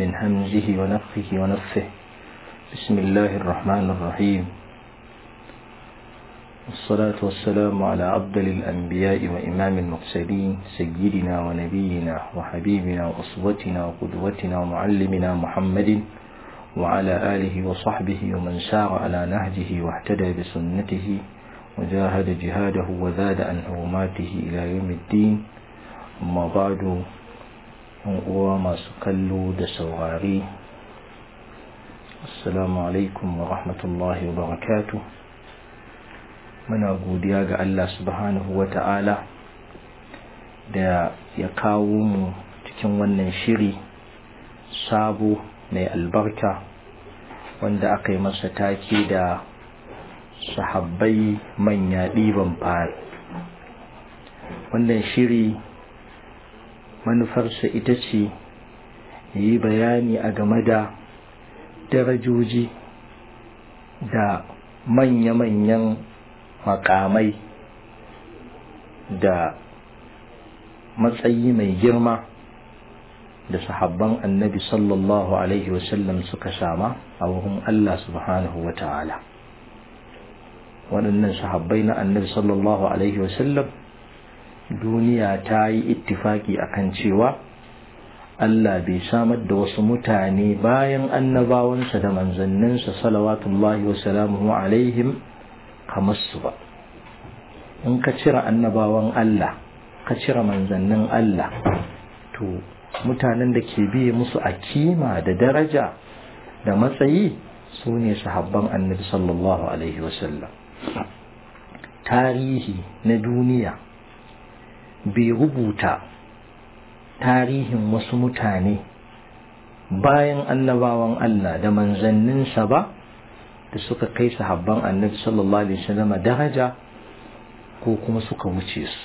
من همزه ونفخه ونفه بسم الله الرحمن الرحيم والصلاة والسلام على أفضل الأنبياء وإمام المرسلين سيدنا ونبينا وحبيبنا وأسوتنا وقدوتنا ومعلمنا محمد وعلى آله وصحبه ومن سار على نهجه واهتدى بسنته وجاهد جهاده وزاد عن حرماته إلى يوم الدين أما بعد uwa masu kallo da saurari assalamu alaikum wa rahmatullahi wa barakatu muna godiya ga Allah subhanahu wa ta'ala da ya kawo mu cikin wannan shiri sabo mai albarka wanda aka yi masa take da sahabbai manya ɗiban fari wannan shiri manufarsa ita ce yi bayani a game da darajoji da manya-manyan makamai da matsayi mai girma da sahabban annabi sallallahu alaihi wasallam suka sama a wurin Allah subhanahu wa ta'ala waɗannan sahabbai na annabi sallallahu alaihi wasallam duniya ta yi ittifaki akan cewa Allah bai samar da wasu mutane bayan annabawansa da manzanninsa salawatullahi wa salamuhu alaihim kamar su ba in ka cire annabawan Allah ka cire manzannin Allah to mutanen da ke biye musu a kima da daraja da matsayi su ne sahabban annabi sallallahu alaihi wasallam tarihi na duniya bai rubuta tarihin wasu mutane bayan annabawan Allah da manzanninsa ba da suka kai sahabban annabi sallallahu alaihi wasallam daraja ko kuma suka wuce su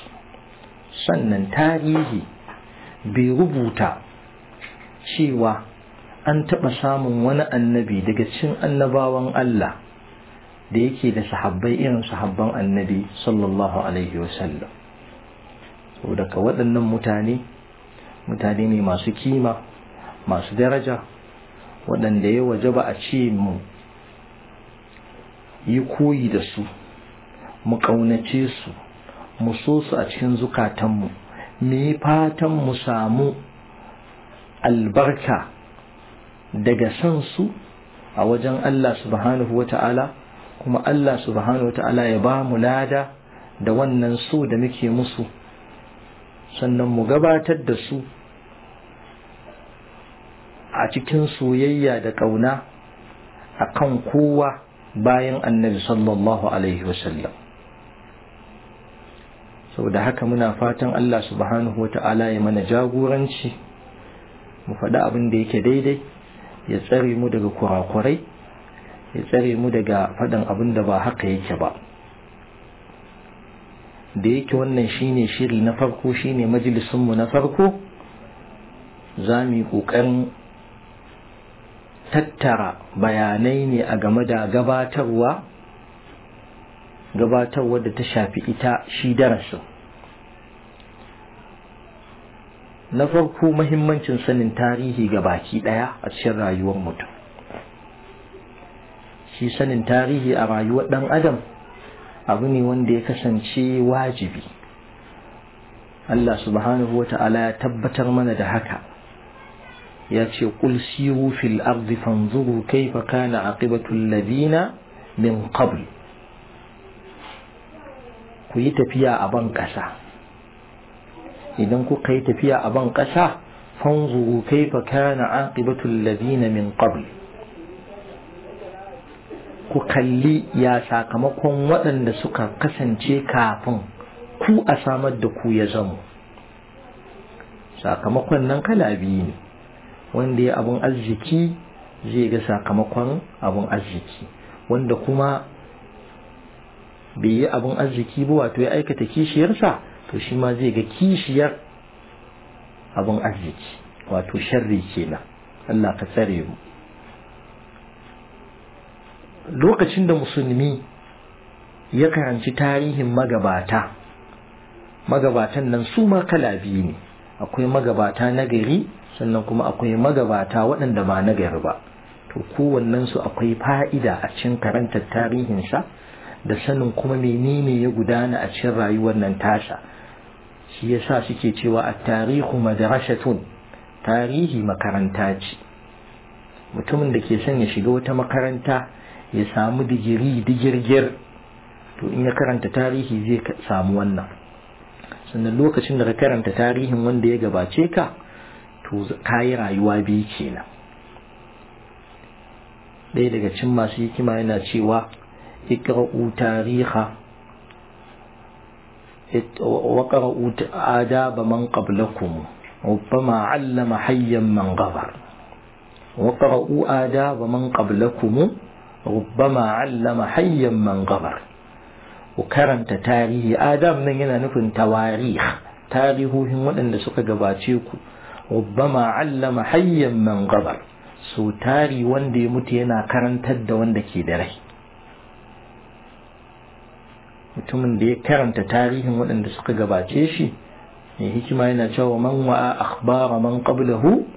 sannan tarihi bai rubuta cewa an taɓa samun wani annabi daga cin annabawan Allah da yake da sahabbai irin sahabban annabi sallallahu alaihi wasallam Daga waɗannan mutane mutane ne masu kima masu daraja waɗanda ya waje ba a ce mu yi koyi da su mu ƙaunace su mu so su a cikin zukatanmu mu yi fatan mu samu albarka daga san su a wajen Allah subhanahu wa ta'ala kuma Allah subhanahu wa ta'ala ya ba mu lada da wannan so da muke musu sannan mu gabatar da su a cikin soyayya da ƙauna a kan kowa bayan annabi sallallahu alaihi wasallam saboda haka muna fatan Allah subhanahu ta'ala ya mana jagoranci mu faɗi abin da yake daidai ya tsare mu daga kurakurai ya tsare mu daga faɗin abin da ba haka yake ba da yake wannan shine shiri na farko shine majalisunmu na farko za mu yi ƙoƙarin tattara bayanai ne a game da gabatarwa gabatarwa da ta shafi ita shi darasin na farko mahimmancin sanin tarihi ga baki ɗaya a cikin rayuwar mutum shi sanin tarihi a rayuwar ɗan adam abu ne wanda ya kasance wajibi Allah subhanahu wa ta'ala ya tabbatar mana da haka ya ce qul siru fil ardi fanzuru kaifa kana aqibatu alladhina min qabl ku yi tafiya a ban ƙasa idan kuka yi tafiya a ban ƙasa fanzuru kaifa kana aqibatu alladhina min qabl ku kalli ya sakamakon waɗanda suka kasance kafin ku a samar da ku ya zamo sakamakon nan kala biyu ne wanda ya abun arziki zai ga sakamakon abun arziki wanda kuma bai yi abin arziki ba wato ya aikata kishiyarsa to shi ma zai ga kishiyar abun arziki wato sharri kenan Allah ka tsare mu lokacin da musulmi ya karanci tarihin magabata magabatan nan su ma kala biyu ne akwai magabata na gari sannan kuma akwai magabata waɗanda ba na gari ba to kowannensu akwai fa'ida a cikin karantar tarihinsa da sanin kuma menene ya gudana a cikin rayuwar nan tasha shi yasa suke cewa a tarihu madrasatun tarihi makaranta ce mutumin da ke son ya shiga wata makaranta ya samu digiri digirgir to in ya karanta tarihi zai samu wannan sannan lokacin da ka karanta tarihin wanda ya gabace ka to ka yi rayuwa biyu kenan ɗaya daga cin masu hikima yana cewa ikra'u tariha وقرأوا ma allama hayyan man علم wa ƙara'u ada ba man من قبلكم rubbama allama hayyan man gabar ku karanta tarihi adam nan yana nufin tawarih tarihohin waɗanda suka gabace ku rubbama allama hayyan man gabar so tari wanda ya mutu yana karantar da wanda ke da rai mutumin da ya karanta tarihin waɗanda suka gabace shi mai hikima yana cewa man wa'a akhbara man qablahu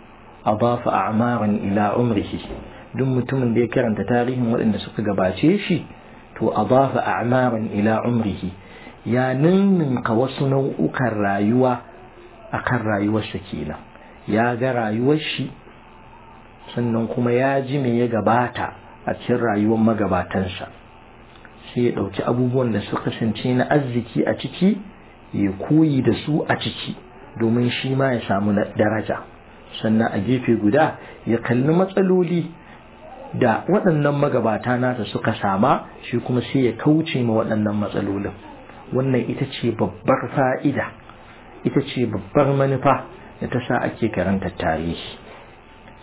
adafa a'maran ila umrihi duk mutumin da ya karanta tarihin waɗanda suka gabace shi to adafa a'maran ila umrihi ya ninninka wasu nau'ukan rayuwa akan rayuwarsa kenan ya ga rayuwar shi sannan kuma ya ji me ya gabata a cikin rayuwar magabatansa sai ya ɗauki abubuwan da suka kasance na arziki a ciki ya koyi da su a ciki domin shi ma ya samu daraja sannan a gefe guda ya kalli matsaloli da waɗannan magabata nata suka sama shi kuma sai ya kauce ma waɗannan matsalolin wannan ita ce babbar fa'ida ita ce babbar manufa da ta sa ake karanta tarihi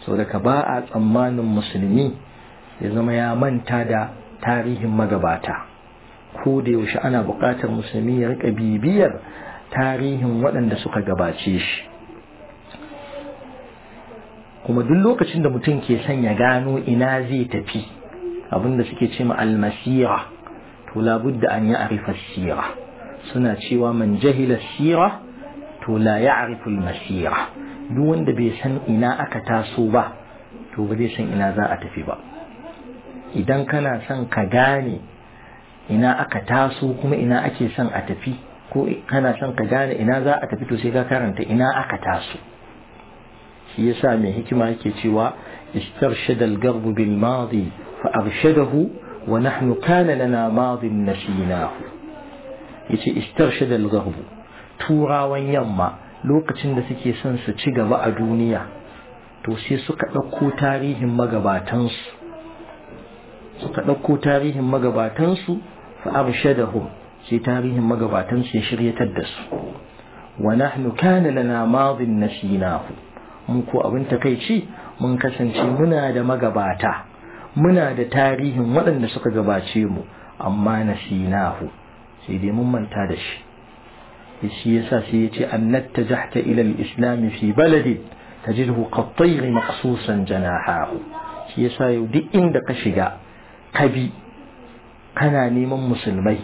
sau daga ba a tsammanin musulmi ya zama ya manta da tarihin magabata ko da yaushe ana buƙatar musulmi ya riƙa bibiyar tarihin waɗanda suka gabace shi kuma duk lokacin da mutum ke son ya gano ina zai tafi abinda suke ce ma almasira to labudda an ya'rifa sira suna cewa man jahila sira to la ya'rifu almasira duk wanda bai san ina aka taso ba to ba zai san ina za a tafi ba idan kana son ka gane ina aka taso kuma ina ake son a tafi ko kana son ka gane ina za a tafi to sai ka karanta ina aka taso shi yasa mai hikima yake cewa istarshada al-garb bil madi fa arshadahu wa nahnu kana lana madin nasinahu yace istarshada al-garb turawan yamma lokacin da suke son su ci gaba a duniya to sai suka dauko tarihin magabatansu suka dauko tarihin magabatansu fa arshadahu sai tarihin magabatansu ya shiryatar da su wa nahnu kana lana madin nasinahu mu ko abin takaici mun kasance muna da magabata muna da tarihin waɗanda suka gabace mu amma na sinahu sai dai mun manta da shi shi yasa sai ya ce an nattajahta ila islam fi baladi tajidhu qattayr maqsusan janahahu shi yasa yau duk inda ka shiga ka bi, kana neman musulmai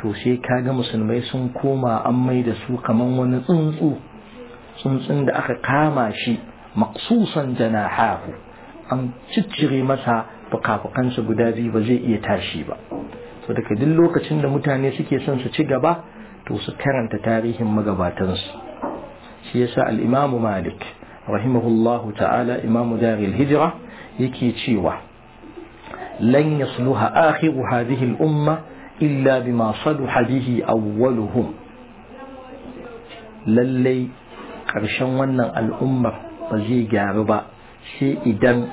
to sai kaga musulmai sun koma an mai da su kaman wani tsuntsu tsuntsun da aka kama shi maksusan janahahu an ciccire masa fukafukansa guda biyu ba zai iya tashi ba so daga duk lokacin da mutane suke son su ci gaba to su karanta tarihin magabatansu shi yasa al imamu Malik rahimahullahu ta'ala imamu daril hijra yake cewa lan yasluha akhiru hadhihi al-umma illa bima saluha bihi awwaluhum lallai ƙarshen wannan al'ummar ba zai gyaru ba sai idan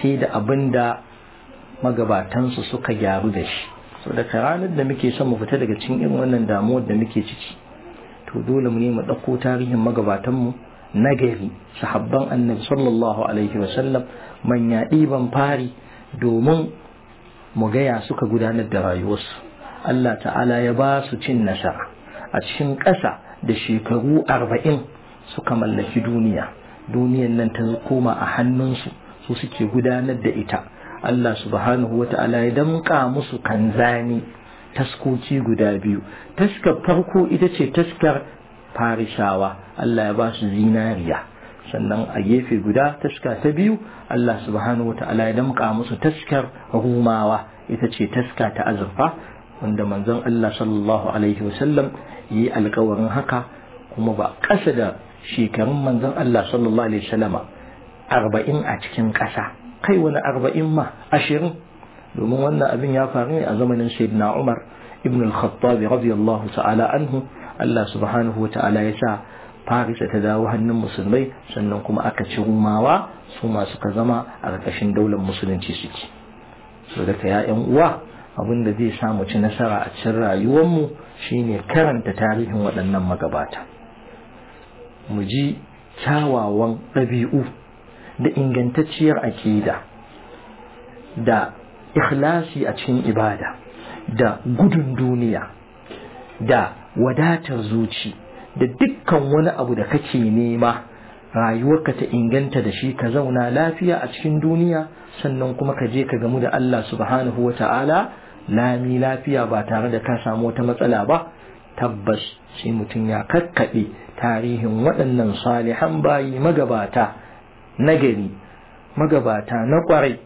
sai da abin da magabatansu suka gyaru da shi so da ranar da muke son mu fita daga cikin irin wannan damuwar da muke ciki to dole mu ne mu ɗauko tarihin magabatanmu na gari sahabban annabi sallallahu alaihi wasallam manya ɗiban fari domin mu gaya suka gudanar da rayuwarsu Allah ta'ala ya ba su cin nasara a cikin ƙasa da shekaru arba'in suka mallaki duniya duniyan nan ta koma a hannunsu su suke gudanar da ita Allah subhanahu wa ta'ala ya damƙa musu kanzani taskoci guda biyu taskar farko ita ce taskar farishawa Allah ya ba su zinariya sannan a gefe guda taska ta biyu Allah subhanahu wa ta'ala ya damƙa musu taskar rumawa ita ce taska ta azurfa wanda manzon Allah sallallahu alaihi wasallam yi alkawarin haka kuma ba ƙasa da shekarun manzon Allah sallallahu alaihi wasallama arba'in a cikin ƙasa kai wani arba'in ma ashirin domin wannan abin ya faru ne a zamanin sayyidina Umar ibn al-Khattab radiyallahu ta'ala anhu Allah subhanahu ta'ala ya sa Farisa ta dawo hannun musulmai sannan kuma aka ci rumawa su masu suka zama a ƙarƙashin daular musulunci suke so daga yan uwa abin da zai samu ci nasara a cikin rayuwarmu shine karanta tarihin waɗannan magabata mu ji kyawawan ɗabi'u da ingantacciyar aƙida da ikhlasi a cikin ibada da gudun duniya da wadatar zuci da dukkan wani abu da kake nema rayuwarka ta inganta da shi ka zauna lafiya a cikin duniya sannan kuma ka je ka gamu da Allah subhanahu wa ta'ala lami lafiya ba tare da ka samu wata matsala ba tabbas sai mutum ya kakkaɓe tarihin waɗannan salihan bayi magabata na gari, magabata na ƙwarai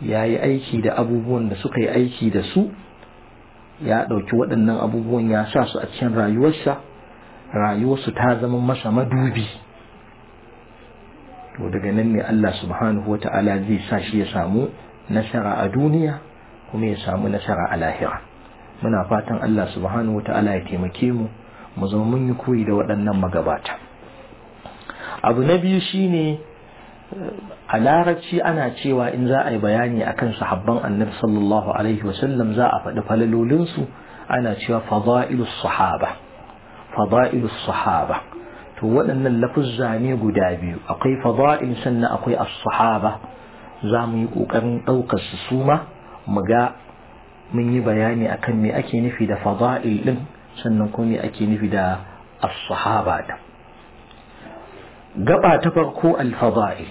ya yi aiki da abubuwan da suka yi aiki da su ya ɗauki waɗannan abubuwan ya sa su a cikin rayuwarsa rayuwarsu ta zama masa madubi to daga nan ne Allah subhanahu wata'ala zai sa shi ya samu nasara a duniya kuma ya samu nasara a lahira muna fatan Allah subhanahu wata'ala ya taimake mu mu zama mun yi koyi da waɗannan magabata abu na biyu shine a larabci ana cewa in za a yi bayani akan sahabban annabi sallallahu alaihi wasallam za a faɗi falalolin su ana cewa fada'ilus sahaba fada'ilus sahaba to waɗannan lafuzza ne guda biyu akwai fada'il sannan akwai as-sahaba za mu yi ƙoƙarin ɗaukar su suma mu ga mun yi bayani akan me ake nufi da fada'il din sannan kuma ake nufi da as-sahaba da gaba ta farko al-fada'il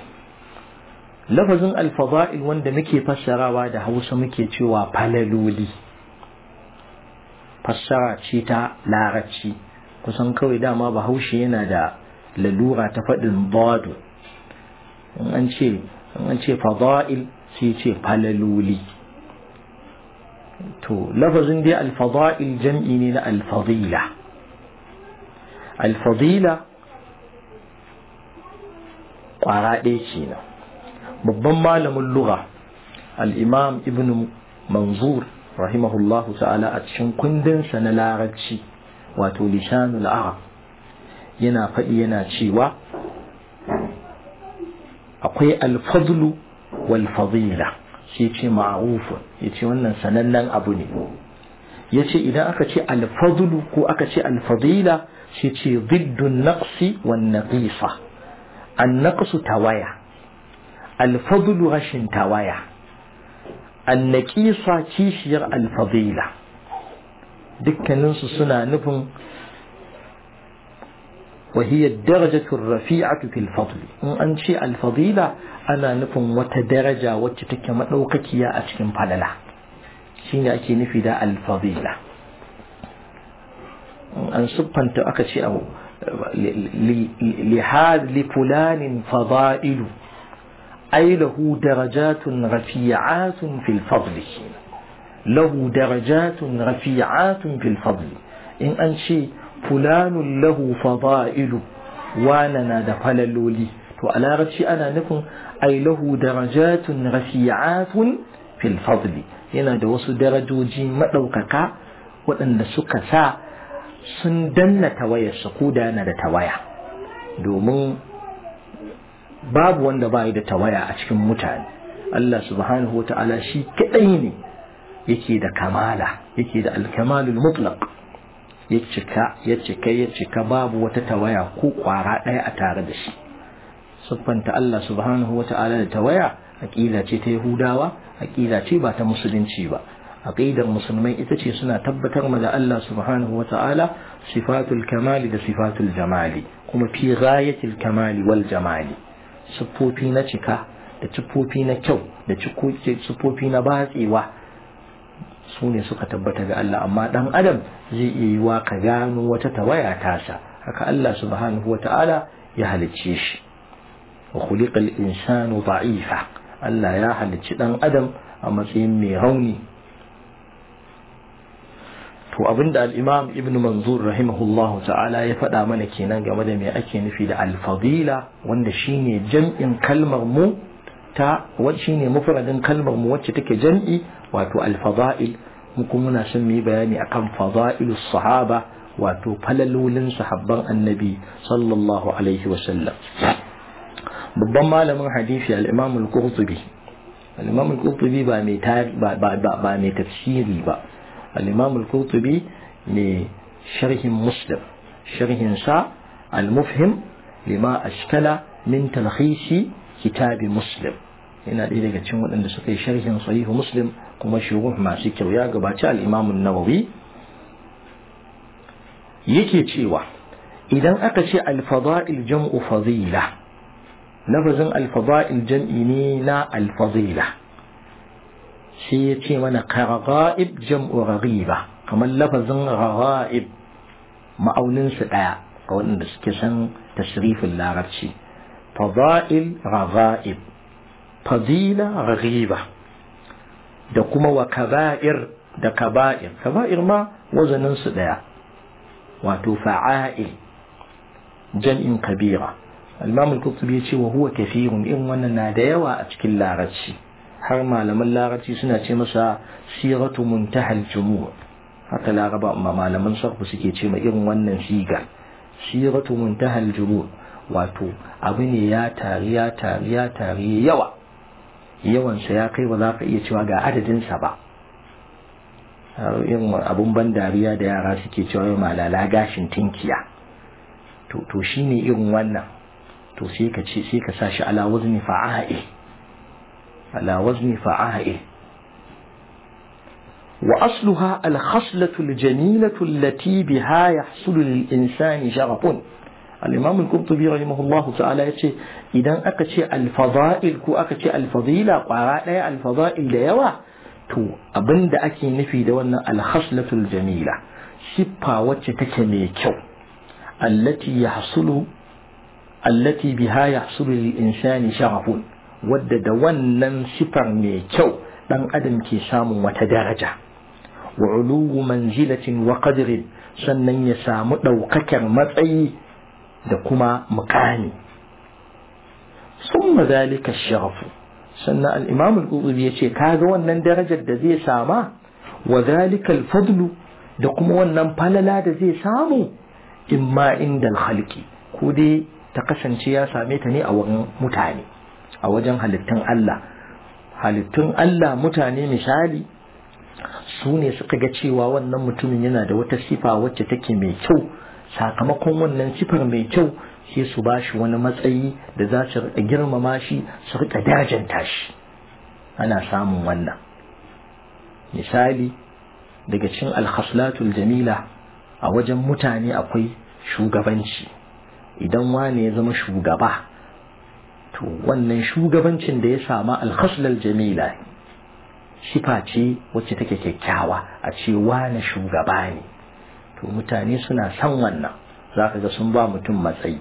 lafazin al-fada'il wanda muke fassarawa da Hausa muke cewa falaloli fassara ce ta larabci kusan kawai dama bahaushe yana da lalura ta faɗin bado in an ce fada'il sai ce falaloli تو لفظ دي الفضائل جمع من الفضيلة الفضيلة قراءة شينا لم اللغة الإمام ابن منظور رحمه الله تعالى أتشن كندن سنة لارتشي واتو لسان العرب ينا فإينا شيوا أقوي الفضل والفضيلة sai ce ya ce wannan sanannen abu ne ya ce idan aka ce alfadulu ko aka ce alfadila sai ce ziddun naqsi wan naqisa an naqsu tawaya alfadulu rashin tawaya an naqisa kishiyar alfadila dukkaninsu suna nufin وهي الدرجة الرفيعة في الفضل أن شيء الفضيلة أنا نفهم وتدرجة وتتكما يا أشكم فللا شين أكي نفيد الفضيلة أن سبحان تأكشي أو لهذا لفلان فضائل أي له درجات رفيعات في الفضل له درجات رفيعات في الفضل إن أنشي فلان له فضائل وانا دفل اللولي وعلاقت شيء أنا نكون أي له درجات رفيعات في الفضل هنا دوس درجوج مدوكك وأن سكسا سندن توايا سقودان لتوايا دومون باب وان دبائي لتوايا أشكم متعن الله سبحانه وتعالى شيء كأيني يكيد كمالا يكيد الكمال المطلق ya cika ya cika ya cika babu wata tawaya ko kwara ɗaya a tare da shi siffanta Allah subhanahu wa ta'ala da tawaya aƙida ce ta Yahudawa aƙida ce ba ta musulunci ba aƙidar musulmai ita ce suna tabbatar ma da Allah subhanahu wa ta'ala sifatul kamali da sifatul jamali kuma fi ghayatil kamali wal jamali siffofi na cika da siffofi na kyau da siffofi na batsewa su ne suka tabbata ga Allah amma ɗan adam zai iya yi ka gano wata tawaya tasa haka Allah subhanahu ya halicce shi wa khuliqal insanu da'ifa Allah ya halicci ɗan adam a matsayin mai rauni to abinda al-Imam Ibn Manzur rahimahullah ta'ala ya faɗa mana kenan game da me ake nufi da al-fadila wanda shine jam'in kalmar mu ta wacce ne mufradin kalmar mu wacce take jam'i wato al-fada'il mu kuma muna son mu yi bayani akan fada'ilus sahaba wato falalolin sahabban annabi sallallahu alaihi wa sallam babban malamin hadisi al-imam al-qurtubi al-imam al-qurtubi ba mai ta ba ba mai tafsiri ba al-imam al-qurtubi ne sharhin muslim sharhin sa al-mufhim lima ashkala min talkhisi kitabi muslim yana ɗaya daga cikin waɗanda suka yi sharhin sahihu muslim kuma shuruh masu kyau ya gabaci al'imamun nawawi yake cewa idan aka ce alfabail jam'u fadila lafazin alfaba'il jam'i ne na alfadila sai ya ce mana karaga'ib jam'u rariba kamar lafazin rara'ib ma'auninsu ɗaya ga waɗanda suke san tasrifin larabci fada'il rara'ib فضيلة غيبة دكما وكبائر دكبائر كبائر ما وزن سدا وتفعائل جمع كبيرة الإمام القرطبي وهو كثير إن ونا نادي وأتكل لارتشي حرما لما لارتشي سنة مسا سيرة منتهى الجموع حتى لا غباء ما ما لما نصرف سكيتشي ما إن ونا نسيقا سيرة منتهى الجموع واتو أبني يا تاري يا تاري يا تاري يوأ yawansa ya kai ba za ka iya cewa ga adadinsa ba yin abun ban dariya da yara suke cewa yau malala gashin tinkiya to shi ne irin wannan to sai ka ce sai ka sa shi ala wazni fa'a'i ala wazni fa'a'i wa asluha al-khaslatu al-jamilatu allati biha yahsulu lil insani sharafun الإمام القرطبي رحمه الله تعالى يتشي إذا أكتشي الفضائل كو أكتشي الفضيلة قرأت الفضائل ديوا تو أبند أكي نفي دوانا الخصلة الجميلة شبا وتشتكي ميكو التي يحصل التي بها يحصل للإنسان شغف ود دوانا شبا ميكو لن أدم كي سام وتدرجة وعلو منزلة وقدر سنن يسام دوككر مطعي da kuma mukami summa zalika sharafu sannan al-imam al-qurtubi yace kaga wannan darajar da zai sama wa zalika al da kuma wannan falala da zai samu imma inda al-khalqi ko dai ta kasance ya same ta ne a wurin mutane a wajen halittun Allah halittun Allah mutane misali su ne suka ga cewa wannan mutumin yana da wata sifa wacce take mai kyau sakamakon wannan sifar mai kyau sai su ba shi wani matsayi da za su riƙa girmama shi su riƙa dajanta shi ana samun wannan misali daga cin alhaslatul jamila a wajen mutane akwai shugabanci idan wani ya zama shugaba to wannan shugabancin da ya samu alhaslal jamila sifa ce wacce take kyakkyawa a ce wani shugaba ne to mutane suna san wannan za ka ga sun ba mutum matsayi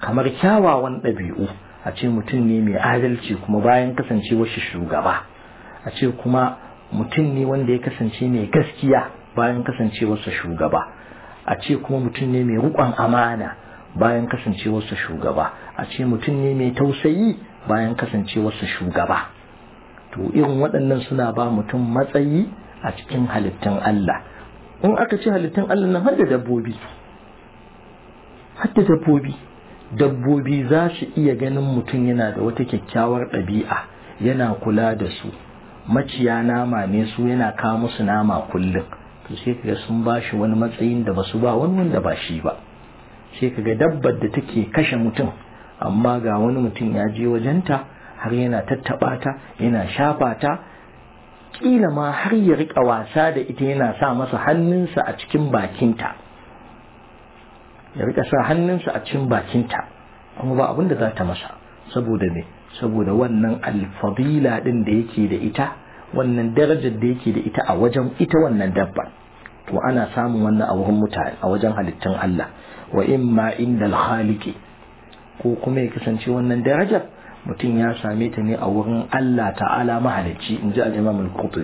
kamar kyawawan ɗabi'u a ce mutum ne mai adalci kuma bayan kasance wasu shugaba a ce kuma mutum ne wanda ya kasance mai gaskiya bayan kasance kasancewarsa shugaba a ce kuma mutum ne mai rukon amana bayan kasance kasancewarsa shugaba a ce mutum ne mai tausayi bayan kasance kasancewarsa shugaba to irin waɗannan suna ba mutum matsayi a cikin halittun Allah in aka ci halittun Allah nan hadda dabbobi hadda dabbobi dabbobi za su iya ganin mutum yana da wata kyakkyawar ɗabi'a yana kula da su maciya nama ne su yana kawo musu nama kullum to sai kaga sun ba shi wani matsayin da basu ba wani wanda ba shi ba sai kaga dabbar da take kashe mutum amma ga wani mutum ya je wajenta har yana tattaɓa ta yana shafa ta kila ma har ya rika wasa da ita yana sa masa hannunsa a cikin bakinta ya rika sa hannunsa a cikin bakinta kuma ba abin da za ta masa saboda ne saboda wannan alfadila ɗin da yake da ita wannan darajar da yake da ita a wajen ita wannan dabba to ana samun wannan a wurin mutane a wajen halittun Allah wa imma indal khaliqi ko kuma ya kasance wannan darajar mutum ya same ta ne a wurin Allah ta'ala mahalicci in ji al-imam mutum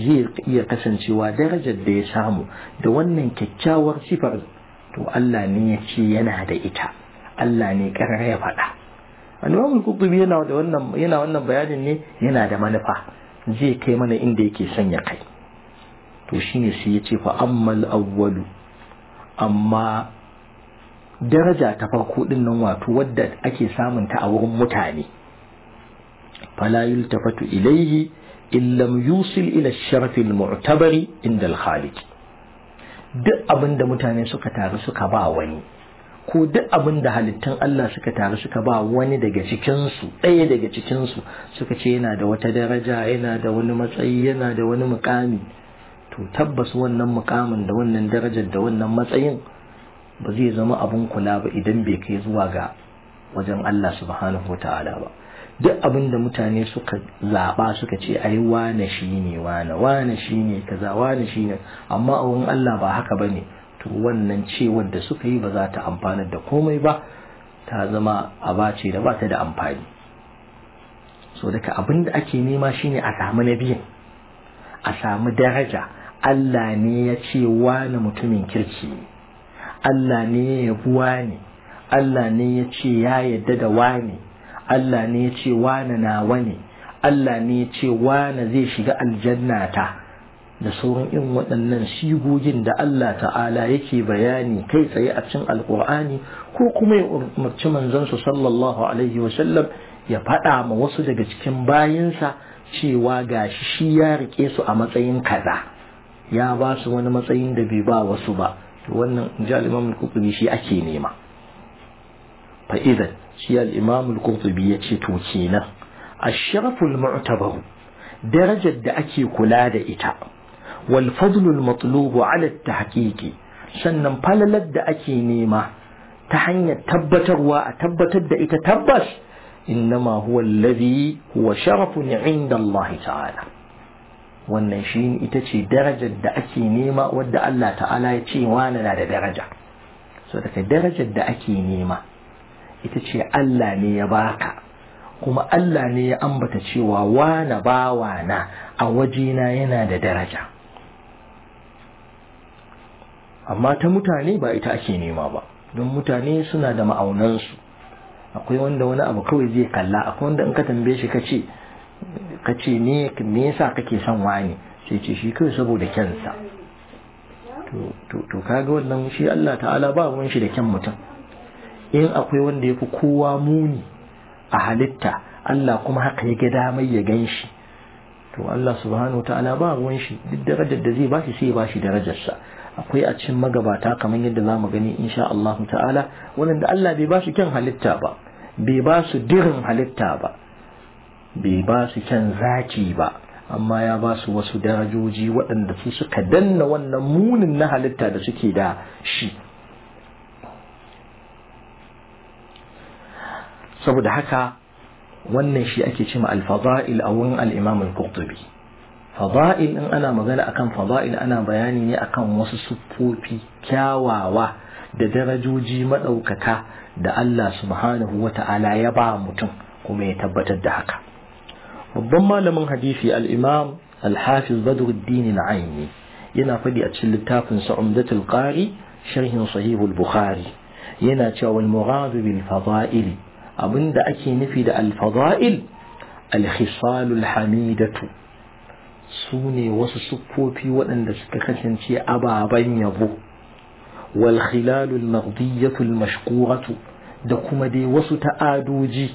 zai iya kasancewa darajar da ya samu da wannan kyakkyawar sifar to Allah ne ya ce yana da ita Allah ne karar ya faɗa alimamul imam yana wannan yana bayanin ne yana da manufa zai kai mana inda yake son ya kai to shine sai ya ce fa ammal awwalu amma daraja ta farko din nan wato wadda ake samun ta a wurin mutane fala yultafatu ilayhi illam yusil ila sharafi mu'tabari inda al-khaliq duk abin da mutane suka taru suka ba wani ko duk abin da halittun Allah suka taru suka ba wani daga cikinsu ɗaya daga cikinsu suka ce yana da wata daraja yana da wani matsayi yana da wani mukami to tabbas wannan mukamin da wannan darajar da wannan matsayin ba zai zama abin kula ba idan bai kai zuwa ga wajen Allah subhanahu wata'ala ba duk abin da mutane suka zaɓa suka ce ai wane shi ne wane wane shi ne kaza wane shi ne amma a wurin Allah ba haka ba ne to wannan cewar da suka yi ba za ta amfana da komai ba ta zama abace bace da ba ta da amfani so daga abin da ake nema shine a samu na biyan a samu daraja Allah ne ya ce wane mutumin kirki ne Allah ne ya yabi wani Allah ne ya ce ya yadda da wani Allah ne ya ce wani na wani Allah ne ya ce wani zai shiga aljannata da sauran irin waɗannan shigogin da Allah ta'ala yake bayani kai tsaye a cikin alkur'ani ko kuma ya umarci manzansu sallallahu alaihi wasallam ya faɗa ma wasu daga cikin bayansa, cewa gashi shi ya riƙe su a matsayin kaza ya ba su wani matsayin da bai ba wasu ba wannan ja al-imam al-qurtubi shi ake nema fa idan shi al-imam al-qurtubi yace to kenan ash sharaf al-mu'tabar darajar da ake kula da ita wal fadl al matlub ala at tahqiq sannan falalar da ake nema ta hanyar tabbatarwa a tabbatar da ita tabbas innama huwa alladhi huwa sharafun 'inda Allah ta'ala wannan shi ita ce darajar da ake nema wadda Allah ta'ala ya ce wani na da daraja so daga darajar da ake nema ita ce Allah ne ya baka kuma Allah ne ya ambata cewa wana bawa na a wajena yana da daraja amma ta mutane ba ita ake nema ba don mutane suna da ma'aunansu akwai wanda wani abu kawai zai kalla akwai wanda in ka tambaye shi ka ce ka ce me yasa kake son wani sai ce shi kai saboda kyansa to kaga wannan shi Allah ta'ala ba mun shi da kyan mutum in akwai wanda ya fi kowa muni a halitta Allah kuma haka ya ga mai ya gan shi to Allah subhanahu ta'ala ba ruwan shi duk darajar da zai ba shi sai ba shi darajarsa akwai a cikin magabata kamar yadda za mu gani insha Allah ta'ala wanda Allah bai ba shi kyan halitta ba bai ba su dirin halitta ba bai ba su kyan zaki ba amma ya ba su wasu darajoji waɗanda su suka danna wannan munin na halitta da suke da shi saboda haka wannan shi ake cima alfabail a wurin al'imam al-qurtubi in ana magana akan fabail ana bayani ne akan wasu siffofi kyawawa da darajoji maɗaukaka da Allah subhanahu ta'ala ya ba mutum kuma ya tabbatar da haka babban malamin hadisi al-imam al-hafiz badruddin al-aini yana faɗi a cikin littafin sa umdatul qari sharhin sahihul bukhari yana cewa wal murad bil fada'il abinda ake nufi da al fada'il al khisalul hamidatu sune wasu siffofi waɗanda suka kasance ababen yabo wal khilalul maghdiyatu al mashkuratu da kuma dai wasu ta'adoji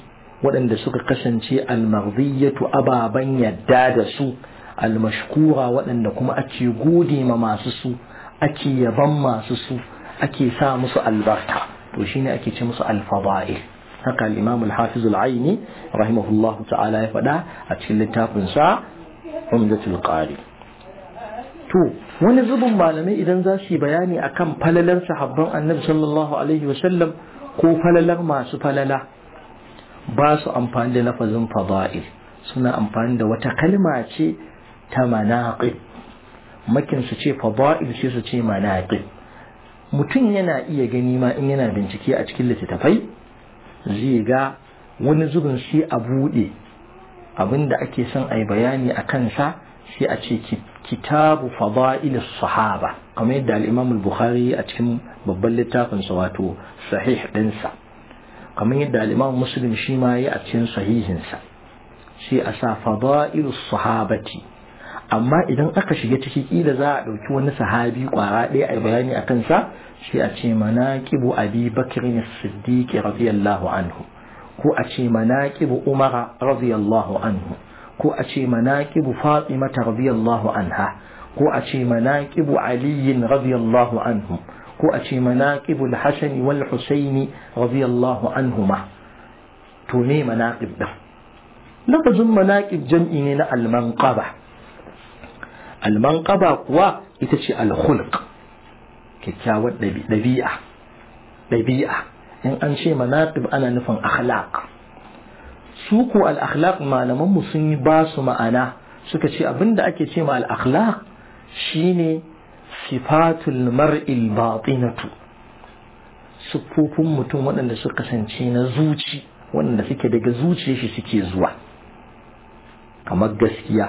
waɗanda suka kasance almardiyatu ababen yadda da su almashkura waɗanda kuma ake gode ma masu su ake yaban masu su ake sa musu albarka to shine ake ce musu alfada'il haka al-imam al-hafiz al-aini rahimahullahu ta'ala ya faɗa a cikin littafin sa umdatul qari to wani zubin malamai idan za su yi bayani akan falalar sahabban annabi sallallahu alaihi wa sallam ko falalar masu falala ba su amfani da lafazin fada'il suna amfani da wata kalma ce ta manaqib makin su ce fada'il sai su ce manaqib mutum yana iya gani ma in yana bincike a cikin littattafai zai ga wani zubin sai a buɗe abinda ake son a yi bayani a kansa sai a ce kitabu fada'il sahaba kamar yadda al-imam al-bukhari a cikin babban littafin sa wato sahih ɗinsa kamar yadda al Muslim shi ma ya a cikin sahihinsa sai a sa fada'ilus sahabati amma idan aka shiga ciki kila za a ɗauki wani sahabi ƙwara ɗaya a bayani a kansa sai a ce manaqibu abi bakr as-siddiq radiyallahu anhu ko a ce manaqibu umara radiyallahu anhu ko a ce manaqibu fatima radiyallahu anha ko a ce manaqibu ali radiyallahu anhu كوأشي مناكب الحسن والحسين رضي الله عنهما توني مناقب ده لفظ مناكب جمعينينا المنقبة المنقبة قوى إتشي الخلق كتاوة نبيئة نبيئة إن أنشي مناقب أنا نفن أخلاق سوكو الأخلاق ما نمو سنباس ما أنا سوكتشي أبند أكتشي ما الأخلاق شيني sifatul mar'il batinatu siffofin mutum waɗanda suka kasance na zuci waɗanda suke daga zuciyar shi suke zuwa kamar gaskiya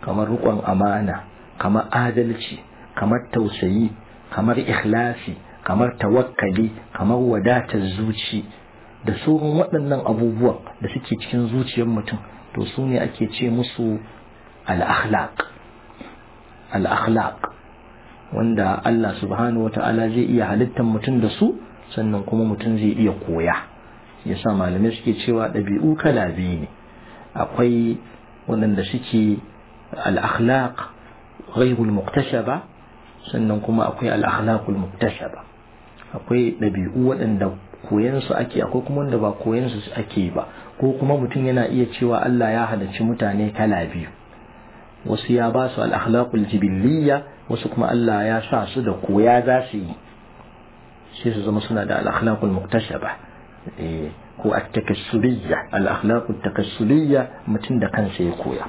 kamar riƙon amana kamar adalci kamar tausayi kamar ikhlasi kamar tawakkali kamar wadatar zuci da sauran waɗannan abubuwan da suke cikin zuciyar mutum to su ne ake ce musu al-akhlaq al-akhlaq wanda Allah subhanahu wata'ala zai iya halittar mutum da su sannan kuma mutum zai iya koya yasa malamai suke cewa ɗabi'u kala biyu ne akwai waɗanda suke al-akhlaq ghayrul muktashaba sannan kuma akwai al muktashaba akwai ɗabi'u waɗanda koyansu ake akwai kuma wanda ba koyansu ake ba ko kuma mutum yana iya cewa Allah ya halarci mutane kala biyu wasu ya ba su al jibiliyya wasu kuma Allah ya sa su da koya za su yi sai su zama suna da al muktasaba eh ko at-takassuliyya al-akhlaqut takassuliyya mutum da kansa ya koya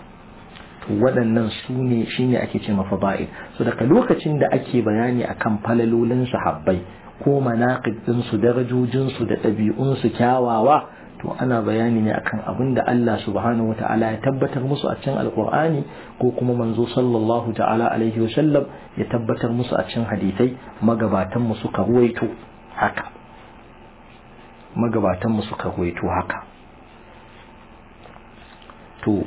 waɗannan su ne shi ne ake ce mafada'il so daga lokacin da ake bayani akan falalolin sahabbai ko manaƙid ɗinsu darajojinsu da ɗabi'unsu kyawawa to ana bayani ne akan abin da Allah subhanahu wata'ala ya tabbatar musu a cikin alkur'ani ko kuma manzo sallallahu ta'ala alaihi wa sallam ya tabbatar musu a cikin hadisai magabatan suka ruwaito haka magabatan suka ruwaito haka to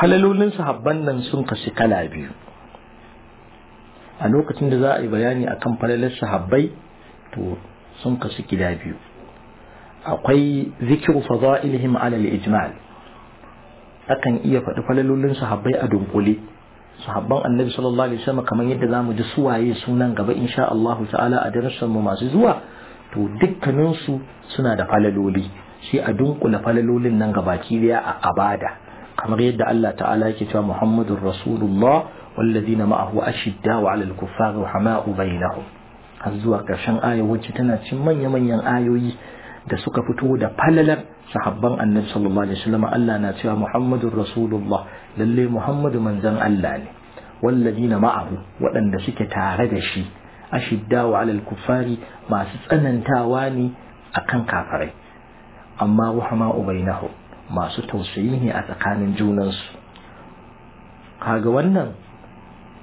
falalolin sahabban nan sun kashi kala biyu a lokacin da za a yi bayani akan falalar sahabbai to sun kasu gida biyu akwai zikiru fadailihim ala al-ijmal akan iya faɗi falalolin sahabbai a dunkule sahabban annabi sallallahu alaihi wasallam kamar yadda zamu ji suwaye sunan gaba insha Allah ta'ala a darasan mu masu zuwa to dukkanin su suna da falaloli shi a dunkula falalolin nan gabaki daya a abada kamar yadda Allah ta'ala yake cewa Muhammadur Rasulullah wallazina ma'ahu ashidda wa 'alal kuffari hama ubainahu har zuwa ƙarshen aya wacce tana cin manya-manyan ayoyi da suka fito da falalar sahabban annabi sallallahu alaihi wasallam Allah na cewa Muhammadur Rasulullah lalle Muhammadu manzon Allah ne wallazina ma'ahu waɗanda suke tare da shi ashiddawu alal kufari masu tsanantawa ne akan kafirai amma wahama ubainahu masu tausayi ne a tsakanin junansu kaga wannan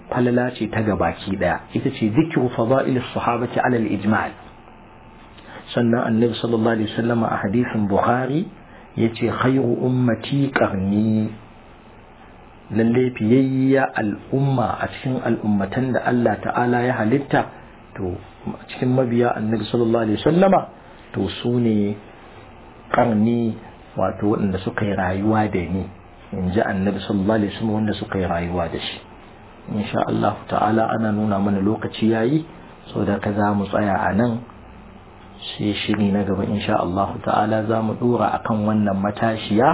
falala ce ta gabaki daya ita ce zikru fada'il sahabati alal ijma'i sannan annabi sallallahu alaihi wasallam a hadisin bukhari yace khayru ummati qarni lalle fiyayya al'umma a cikin al'ummatan da Allah ta'ala ya halitta to cikin mabiya annabi sallallahu alaihi wasallam to su ne karni wato waɗanda suka yi rayuwa da ni in ji annabi sallallahu alaihi wasallam wanda suka yi rayuwa da shi insha Allah ta'ala ana nuna mana lokaci yayi saboda ka za mu tsaya a nan sai shiri na gaba insha Allah ta'ala za mu dora akan wannan matashiya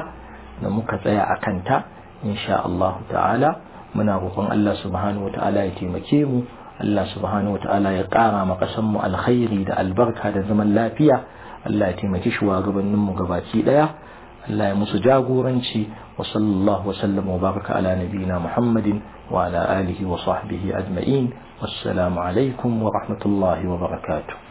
da muka tsaya a kanta insha Allah ta'ala muna roƙon Allah subhanahu ta'ala ya taimake mu Allah subhanahu ta'ala ya ƙara ma ƙasar mu alkhairi da albarka da zaman lafiya Allah ya taimaki shugabannin mu gabaki daya Allah ya musu jagoranci wa sallallahu wa sallam wa baraka ala nabiyina Muhammadin wa ala alihi wa sahbihi ajma'in wassalamu alaikum wa rahmatullahi wa barakatuh